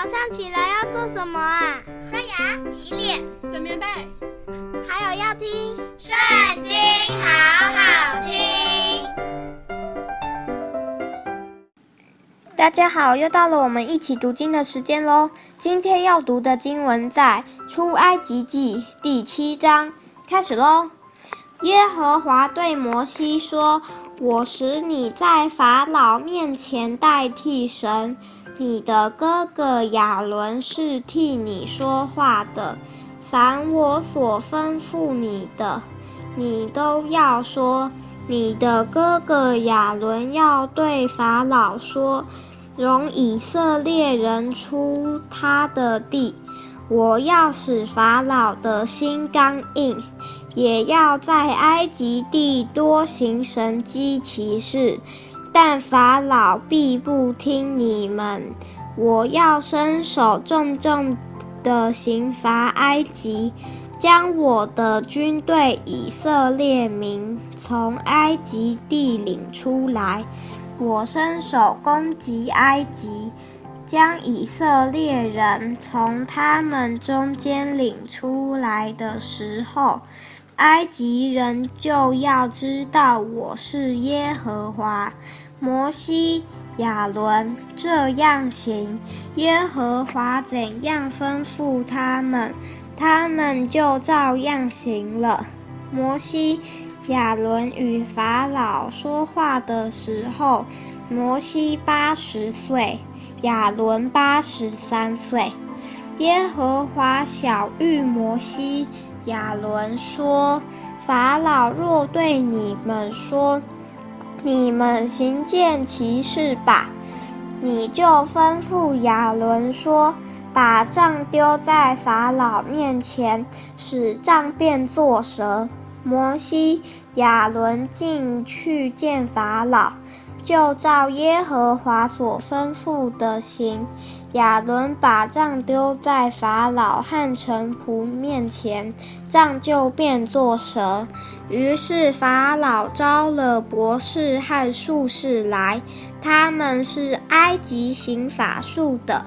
早上起來要做什麼啊？刷牙、洗臉、整棉被，還有要聽《聖經》，好好聽。大家好，又到了我們一起讀經的時間嘍。今天要讀的經文在《出埃及記》第七章，開始嘍。耶和華對摩西說：“我使你在法老面前代替神。”你的哥哥亞倫是替你說話的，凡我所吩咐你的，你都要說。你的哥哥亞倫要對法老說：容以色列人出他的地。我要使法老的心剛硬，也要在埃及地多行神蹟奇事。但法老必不聽你們，我要伸手重重地刑罰埃及，將我的軍隊以色列民從埃及地領出來。我伸手攻擊埃及，將以色列人從他們中間領出來的時候，埃及人就要知道我是耶和華。摩西、亞倫這樣行，耶和華怎樣吩咐他們，他們就照樣行了。摩西、亞倫與法老說話的時候，摩西八十歲，亞倫八十三歲。耶和華曉諭摩西、亞倫說：“法老若對你們說，”你們行件奇事吧，你就吩咐亞倫說：“把杖丟在法老面前，使杖變作蛇。”摩西、亞倫進去見法老，就照耶和華所吩咐的行。亞倫把杖丟在法老和臣僕面前，杖就變作蛇。於是法老召了博士和術士來，他們是埃及行法術的，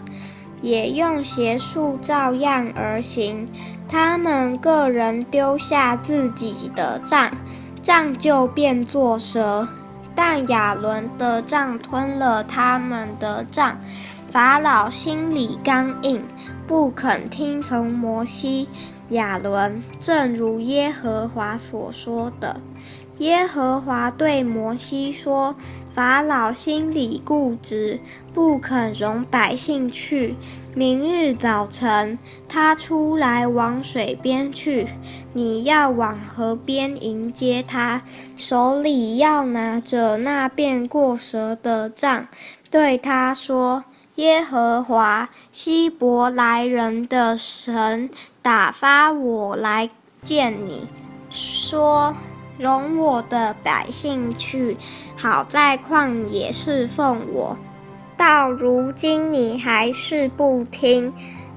也用邪術照樣而行。他們各人丟下自己的杖，杖就變作蛇，但亞倫的杖吞了他們的杖。法老心裡剛硬，不肯聽從摩西、亞倫，正如耶和華所說的。耶和華對摩西說：“法老心裡固執，不肯容百姓去。明日早晨，他出來往水邊去，你要往河邊迎接他，手裡要拿着那變過蛇的杖，對他說。”耶和華希伯來人的神打發我來見你，說：容我的百姓去，好在曠野事奉我。到如今你還是不聽。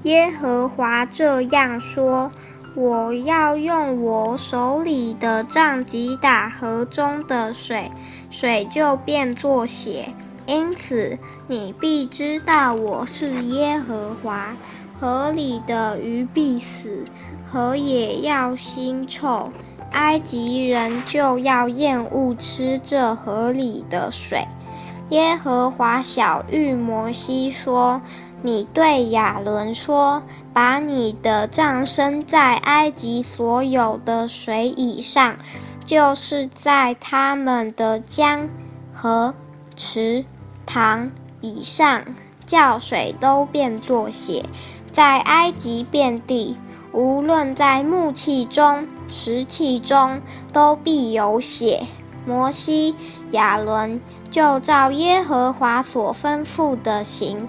耶和華這樣說：我要用我手裡的杖擊打河中的水，水就變作血。因此，你必知道我是耶和華。河裡的魚必死，河也要腥臭。埃及人就要厭惡吃這河裡的水。耶和華曉諭摩西說：“你對亞倫說，把你的杖伸在埃及所有的水以上，就是在他們的江、河、池。”塘以上，叫水都變作血，在埃及遍地，無論在木器中、石器中，都必有血。摩西、亞倫就照耶和華所吩咐的行。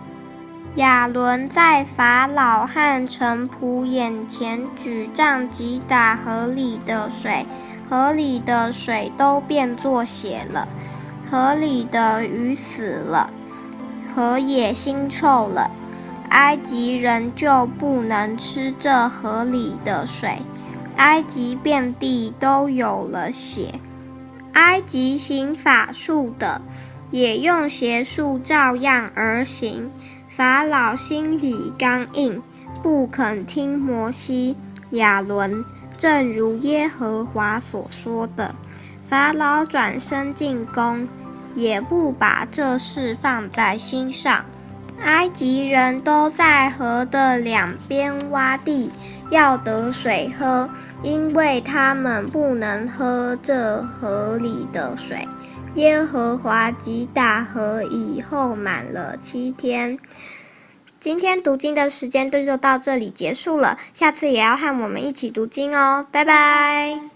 亞倫在法老和臣僕眼前舉杖擊打河裡的水，河裡的水都變作血了。河裡的魚死了，河也腥臭了，埃及人就不能吃這河裡的水。埃及遍地都有了血。埃及行法術的，也用邪術照樣而行。法老心裡剛硬，不肯聽摩西、亞倫，正如耶和華所說的。法老轉身進宮，也不把這事放在心上。埃及人都在河的兩邊挖地，要得水喝，因為他們不能喝這河裡的水。耶和華擊打河以後，滿了七天。今天讀經的時間就到這裡結束了，下次也要和我們一起讀經哦，拜拜。